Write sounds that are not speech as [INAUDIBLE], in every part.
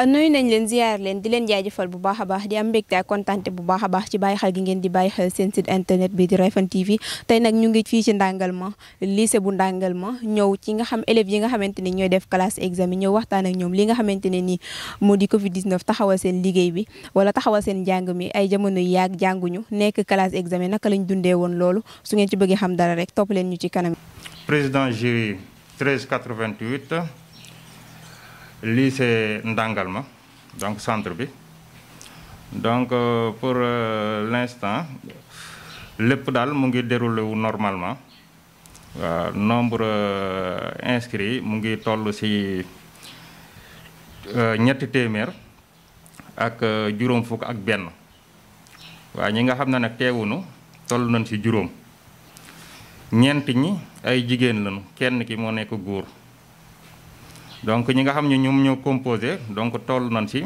Euh, nuyu nañ leen ziar leen di leen jaajëfal bu baax a baax di am mbégte ak kontante bu baax a baax ci bàyyi xel gi ngeen di bàyyi xel seen site internet bi di Refane TV tey nag ñu ngi fii ci Ndangalma lycée bu Ndangalma ñëw ci nga xam élèves yi nga xamante ni ñooy def classe examen ñëw waxtaan ak ñoom li nga xamante ne nii moo di Covid 19 taxawal seen liggéey bi wala taxawal seen njàng mi ay jamono yi yàgg jànguñu nekk classe examen naka lañ dundee woon loolu su ngeen ci bëggee xam dara rek topp leen ñu ci kanam. président jury 1388. lise c'est ma donc centre bi donc euh, pour euh, l'instant lepp dal mu ngi déroulé wu normalement wa nombre euh, inscrit mu ngi tollu ci ñetti témèr ak juróom fuk ak ben wa ñi nga xamna nak nag teewunu toll nañ ci juróom ñent ñi ay jigen lañu kenn ki mo nekk goor donc ñi nga xamni ñum ñoo composé donc toll nañ ci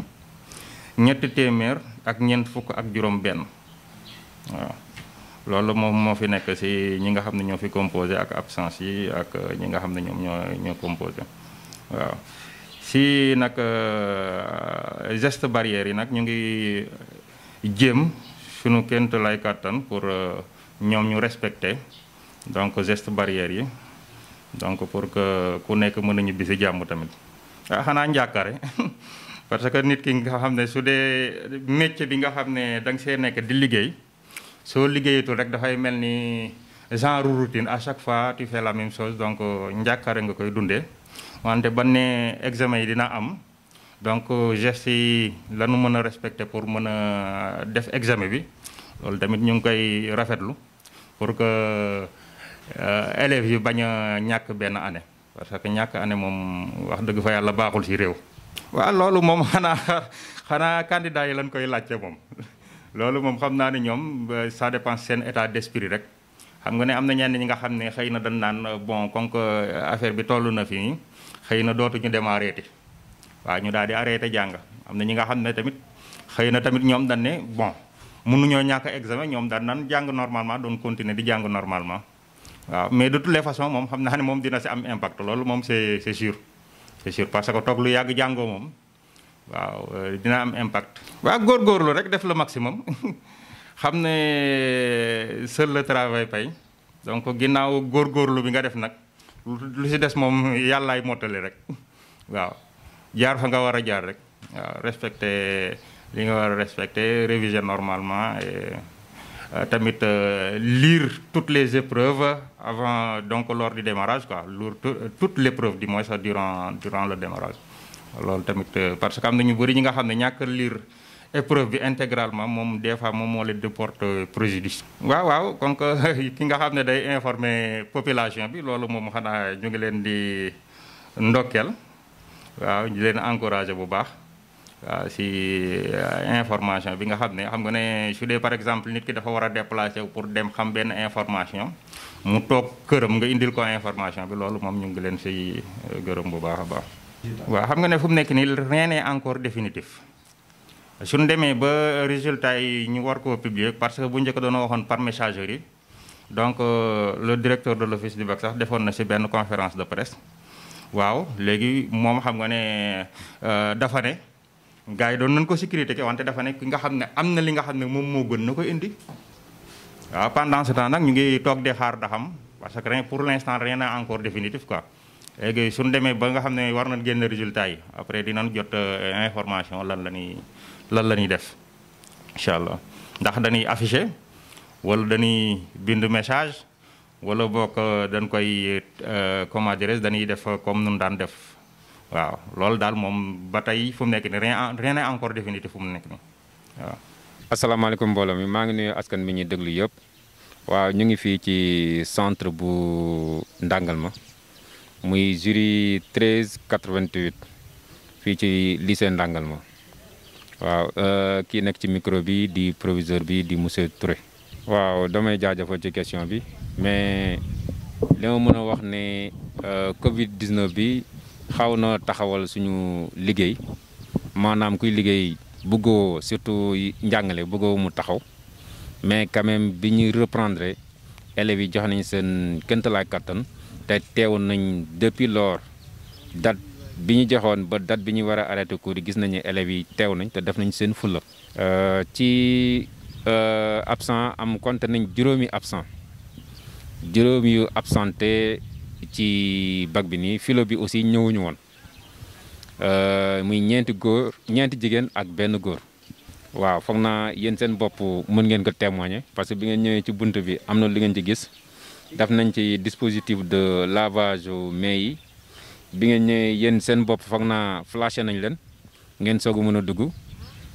ñetti témèr ak ñeent fukk ak juroom ben waaw loolu mo fi nek si ñi nga xamni ñoo fi composé ak absence yi ak euh, ñi nga xamni ñum ñoo ñoo composé waaw si nak euh, geste barrière nak ñu ngi jëm suñu kent lay katan pour euh, ñom ñu respecter donc geste barrière yi donc pour que ku nekk mën a ñibbi si jàmm tamit ah, xanaa njàkkare [LAUGHS] parce que nit ki nga xam ne su dee métier bi nga xam ne da nga see nekk di liggéey soo liggéeyatul rek dafay mel ni genre routine à chaque fois tu fais la même sos donc njàkkare nga koy dundee wante ban ne examen yi dina am donc gestes yi lanu mën a respecter pour mën a def examen bi loolu tamit ñu ngi koy rafetlu pour que Eh, élèves yi bañ a ñàkk benn année parce que ñak année mom wax deug fa yalla baaxul ci rew wa lolu mom [LAUGHS] xana xana candidat yi lañ koy laccé mom lolu [LAUGHS] mom xamna ni ñom euh, ça dépend sen état d'esprit rek xam nga ne amna ñen ñi nga xam xeyna dañ nan euh, bon comme que euh, affaire bi tollu na fi xeyna dootu ñu démarrer té wa ñu daal di arrêté jang amna ñi nga xam tamit xeyna tamit ñom dañ né bon ñoo ñaka examen ñom dañ nan jang normalement doon continuer di jang normalement waaw mais de toutes les façons moom xam naa ne moom dina si am impact loolu moom c'est c'est sûr c'est sûr parce que toog lu yàgg jàngoo moom waaw euh, dina am impact. waaw lu rek def le maximum [LAUGHS] xam ne euh, seul le travail pay donc ginnaaw góorgóorlu bi nga def nag lu si des moom yàllaay mottali rek [LAUGHS] waaw jaar fa nga war a jaar rek waaw respecter li nga war a respecter réviser normalement et. Euh, tamit euh, lire toutes les épreuves avant donc lors du démarrage quoi lire les euh, épreuves du moins ça durant durant le démarrage loolu tamit parce que am na ñu nga xamné ñak lire épreuve bi intégralement mom des fois moom moo leen di porte préjudice. waaw waaw donc [LAUGHS] ki nga xamné day informer population bi lolou mom xana ñu ngi len di ndokkel waaw ñu len encourager bu baax. Ah, si eh, information bi nga xam xam nga ne su dé par exemple nit ki dafa wara déplacer pour dem xam benn information mu tok këram nga indil ko information bi loolu mom ñu ngi si eh, gërëm bu baaxa baax wa xam nga ne fu mu nekk resultai rien n'est encore définitif ñu démé ba résultat yi ñu war ko publier parce que bu ñëk waxon par messagerie donc euh, le directeur de l'office du bac sax défon na si benn conférence de presse waaw légui mom xam nga ne euh, dafa né gars yi doon nañ ko sécurité wante dafa nekk ki nga xam ne am na li nga xam ne moom moo gën na ko indi waaw pendant temps nag ñu ngi toog di xaar da xam parce que rien pour l' instant rien n'est encore définitif quoi léegi suñu demee ba nga xam ne war nañ génn résultat yi après dinañ jot euh, information lan la ñuy lan la ñuy def incha allah ndax dañuy affiché wala dañuy bind message wala bokk euh, dañ koy euh, comment dirais dañuy def comme nun daan def waaw loolu daal moom ba tey fu mu nekk nii rien rien n'est encore définitif fu mu nekk nii waaw. asalaamaaleykum mbooloo mi maa ngi nuyu askan bi ñuy déglu yëpp waaw ñu ngi fii ci centre bu Ndangalma muy jury 13 88 fii ci lycée Ndangalma waaw euh, kii nekk ci micro bi di proviseur bi di monsieur Touré. waaw damay jaajëfal ci question bi mais li ma mën a wax ne euh, Covid 19 bi. xaw na taxawal suñu liggéey maanaam kuy liggéey buggoo surtout njàngale bëggoo mu taxaw mais quand bi ñu reprendre élèves yi jox nañ seen këntalaay kattan te teewoon nañ depuis lors date bi ñu joxoon ba date bi ñu war a arrêté cours gis nañu élèves yi teew nañ te def nañ seen fulla euh, ci euh, absent am compte nañ juróomi absent juróomi yu absenté ci bag bi ni philo bi aussi won euh muy ñent goor ñent jigen ak benn goor waaw foog yeen sen bop mën ngeen ko témoigner parce que bi ngeen ñewé ci buntu bi amna li ngeen ci gis daf nañ ci dispositif de lavage mais yi bi ngeen ñewé yeen sen bop foog naa flashé nañ leen ngeen sogu mëna dugg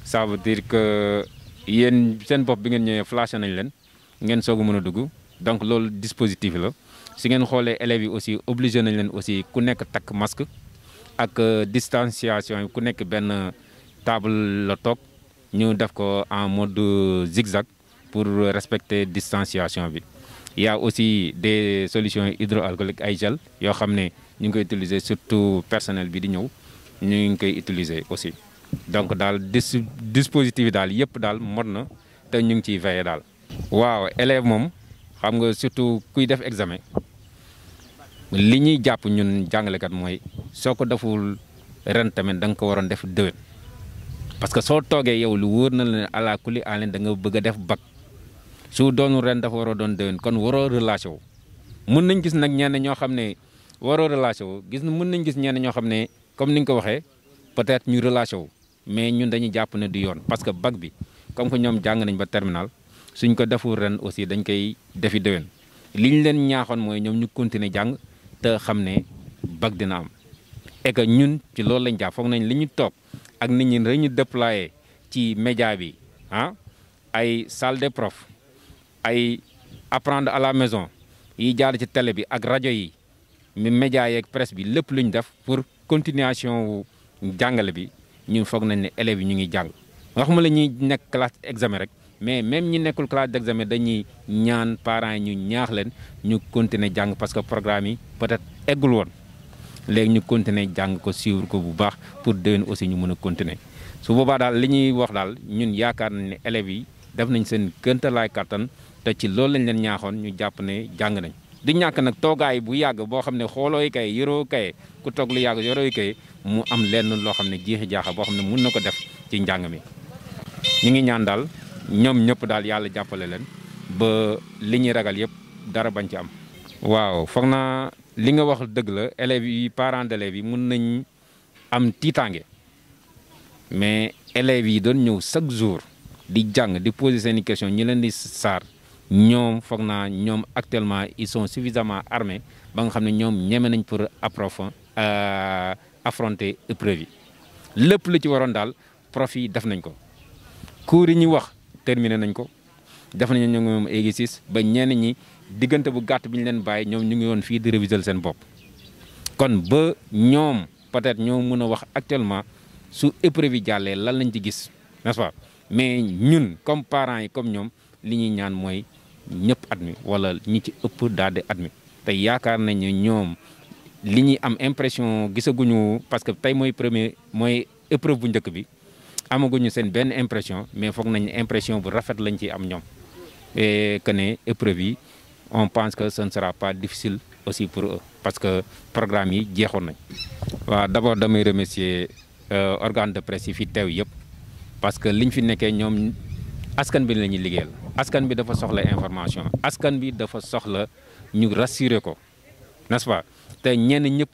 ça veut dire que yeen sen bop bi ngeen ñewé flashé nañ leen ngeen sogu mëna dugg donc lool dispositif la si ngeen xoolee élèves yi aussi obligé nañ leen aussi ku nekk takk masque ak euh, distanciation ku nekk benn euh, table la toog ñu def ko en mode zigzag pour respecter distanciation bi y a aussi des solutions hydroalcooliques ay gel yoo xam ne ñu utiliser surtout personnel bi di ñëw ñu utiliser aussi donc daal dispositif yi daal yëpp daal mot na te ñu ngi ciy veiller waaw élève moom xam nga surtout kuy def examen li ñuy jàpp ñun jàngalekat mooy soo ko deful ren tamit da nga ko waroon def déwén parce que soo toogee yow lu wóor na la ne ala kulli àllen da nga bëgg a def bac su doonul ren dafa waroo doon déwén kon waroo relâché wu mun nañ gis nag ñenn ñoo xam ne waroo relâché wu gis na mun nañ gis ñenn ñoo xam ne comme ni nga ko waxee peut-être ñu relâché wu mais ñun dañuy jàpp ne du yoon parce que bac bi comme que ñoom jàng nañ ba terminal suñ ko deful ren aussi dañ koy defi déwén li ñu leen ñaaxoon mooy ñoom ñu continuer jàng te xam ne bag dina am et que ñun ci loolu lañ jàpp foog nañ li ñu toog ak nit ñi dañu déployé ci média bi ah ay salle des profs ay apprendre à la maison yi jaar ci télé bi ak rajo yi mi média yeeg presse bi lépp lu ñu def pour continuation wu jàngale bi ñun foog nañ ne élèves yi ñu ngi jàng waxuma la ñuy nekk classe examen rek. mais même ñi nekkul classe d'examen dañuy ñaan parent yi ñu ñaax leen ñu continuer jàng parce que programme yi peut-être eggul woon léegi ñu continuer jàng ko suivre ko bu baax pour déwén aussi ñu mën a continuer su boobaa daal li ñuy wax daal ñun yaakaar nañ ne élèves yi def nañ seen gëntalaay kattan te ci loolu lañ leen ñaaxoon ñu jàpp ne jàng nañ du ñàkk nag toogaay bu yàgg boo xam ne xoolooy kay yoroo kay ku toog lu yàgg yorooy kay mu am lenn loo xam ne jiixi jaaxa boo xam ne mun na ko def ci njàng ngi ñaan daal ñom ñëpp daal yalla jappalé leen ba li ñuy ragal yëpp dara bañ ci am. waaw foog li nga wax deug la élèves yi parents d'élèves yi mun nañ am titangé mais élèves yi doon ñëw chaque jour di jang di poser seen i questions ñi leen di sar ñom foog ñom actuellement ils sont suffisamment armés ba nga xam ñom ñoom nañ pour approfond euh, affronter épreuve lepp lépp lu ci waron daal prof yi def nañ ko cour yi ñi wax. terminé nañ ko def nañ ñoo ngi moom exercice ba ñenn ñi diggante bu gàtt bi ñu leen bàyyi ñoom ñu ngi woon fii di réviser seen bopp kon ba ñoom peut-être ñoo mën a wax actuellement su épreuve yi jàllee lan lañ ci gis nest pas mais ñun comme parents yi comme ñoom li ñuy ñaan mooy ñëpp admis wala ñi ci ëpp daal di admis te yaakaar nañu ñoom li ñuy am impression gisaguñu parce que tey mooy premier mooy épreuve bu njëkk bi amaguñu une benn impression mais foog nañ impression bu rafet lañ et on pense que ce ne sera pas difficile aussi pour eux parce que programme yi nañ d'abord damay remercier euh, organe de presse parce que liñ fi nekkee ñoom askan bi askan information askan bi dafa n'est-ce pas te ñenn ñëpp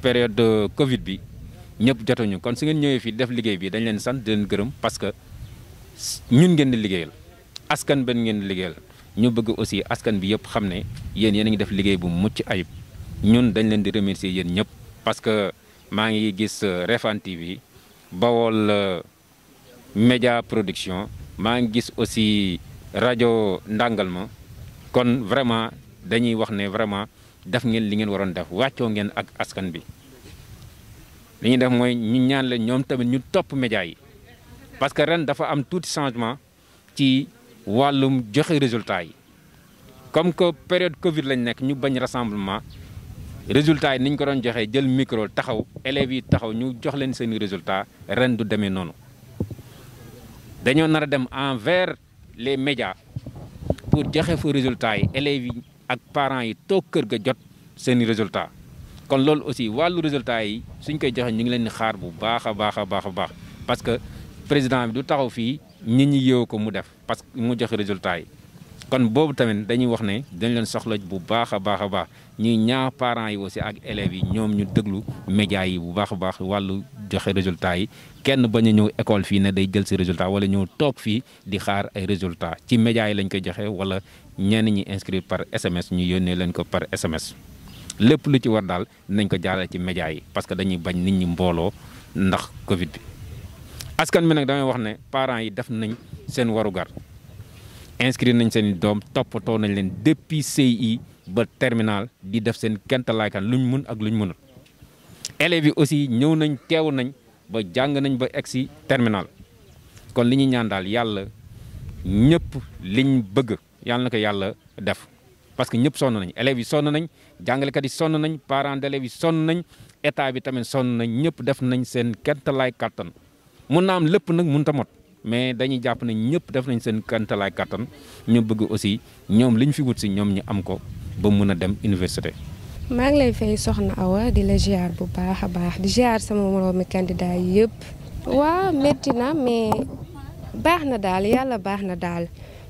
période de Covid ñëpp jotuñu kon su ngeen ñëwé fi def liggéey bi dañ leen sant di leen gërëm parce que ñun ngeen di liggéeyal askan ben ngeen di liggéeyal ñu bëgg aussi askan bi yëpp xam ne yéen yéen a ngi def liggéey bu mucc ayib ñun dañ leen di remercier yéen ñëpp parce que maa ngi gis euh, Refan TV Bawol euh, média production maa ngi gis aussi radio ndangalma kon vraiment dañuy wax ne vraiment def ngeen li ngeen waroon def wàccoo ngeen ak askan bi li ñu def mooy ñu ñaan leen ñoom tamit ñu topp média yi parce que ren dafa am tuuti changement ci wàllum joxe résultat yi comme que période Covid lañ nekk ñu bañ rassemblement résultat yi ni ñu ko doon joxee jël micro taxaw élèves yi taxaw ñu jox leen seeni résultat ren du demee noonu dañoo nar a dem envers les médias pour joxe fa résultat yi élèves yi ak parent yi toog kër ga jot seeni résultat kon loolu aussi wàllu résultat yi suñ koy joxee ñu ngi leen di xaar bu baax a baax a baax a baax parce que président bi du taxaw fii nit ñi yéew ko mu def parce que mu joxe résultat yi kon boobu tamit dañuy wax ne dañ leen soxla bu baax a baax a baax ñuy ñaax parent yi aussi ak élèves yi ñoom ñu déglu médias yi bu baax a baax wàllu joxe résultat yi kenn bañ a ñëw école fii ne day jël si résultat wala ñëw toog fii di xaar ay résultat ci médias yi lañ koy joxe wala ñenn ñi inscrire par SMS ñu yónnee leen ko par SMS. lépp lu ci war daal nañ ko jaarale ci média yi parce que dañuy bañ nit ñi mbooloo ndax Covid bi. askan bi nag damay wax ne parent yi def nañ seen warugar inscrire nañ seen doom toppatoo nañ leen depuis CI ba terminal di def seen kentalaay kan luñ mun ak luñ mënul élèves yi aussi ñëw nañ teew nañ ba jàng nañ ba egg si terminal kon li ñuy ñaan daal yàlla ñëpp liñ bëgg yàlla na ko yàlla def. parce que ñëpp sonn nañ élèves yi sonn nañ jàngalekat yi sonn nañ parents d'élèves yi sonn nañ état bi tamit sonn nañ ñëpp def nañ seen kentalaay kattan mun na am lépp nag mun a mot mais dañuy jàpp ne ñëpp def nañ seen kentalaay kattan ñu bëgg aussi ñoom li ñu fi wut si ñoom ñu am ko ba mun a dem université. maa ngi lay fay soxna Awa di la ziar bu baax a baax di ziar sama moroomi candidat yëpp. waa métti na mais baax na daal yàlla baax na daal.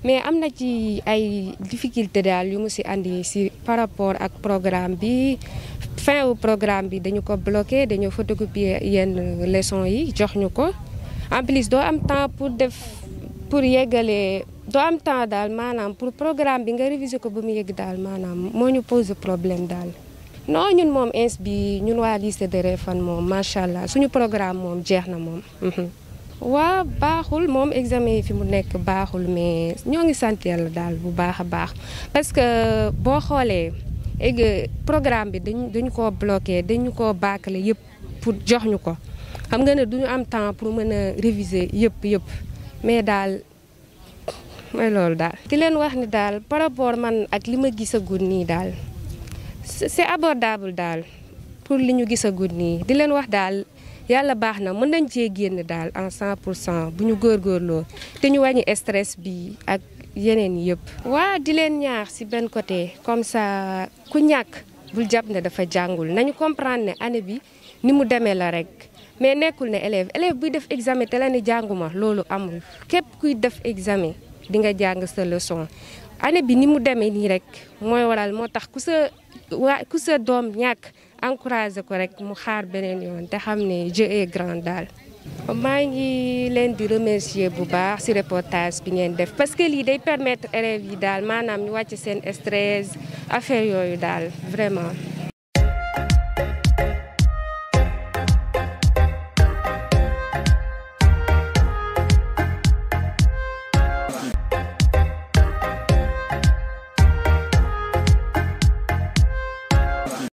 mais am na ci ay difficulté daal yu mu si andi si par rapport ak programme bi fin wu programme bi dañu ko bloqué dañoo photocopier yenn leçon yi jox ñu ko en plus doo am temps pour def pour yeggalee doo am temps daal maanaam pour programme bi nga réviser ko ba mu yegg daal maanaam moo ñu pose problème daal non ñun moom ins bi ñun waa lycée de Réfane moom macha allah suñu programme moom jeex na moom mhm. waa baaxul moom examen yi fi mu nekk baaxul mais ñoo ngi sant la daal bu baax a baax parce que boo xoolee programme bi dañ dañu ko bloqué dañu ko bâclé yëpp pour jox ñu ko xam nga ne duñu am temps pour mën a réviser yëpp yëpp mais daal mooy loolu daal di leen wax ni daal par rapport man ak li ma gisagul nii daal c'est abordable daal pour li ñu gisagul nii di leen wax daal yàlla baax na mën nañ cee génn daal en 100 pour cent bu ñu góorgóorloo te ñu wàññi stress bi ak yeneen yëpp. waa di leen ñaax si benn côté comme ça ku ñàkk bul jàpp ne dafa jàngul nañu comprendre ne année bi ni mu demee la rek. mais nekkul ne élève élève buy def examen te la ne jànguma loolu amul képp kuy def examen di nga jàng sa leçon année bi ni mu demee nii rek mooy waral moo tax ku sa waa sa doom ñàkk. encouragé ko rek mu xaar beneen yoon te xam ne Dieu est grand daal. maa ngi leen di remercier bu baax si reportage bi ngeen def parce que lii day permettre élèves yi daal maanaam ñu wàcc seen stress affaire yooyu daal vraiment.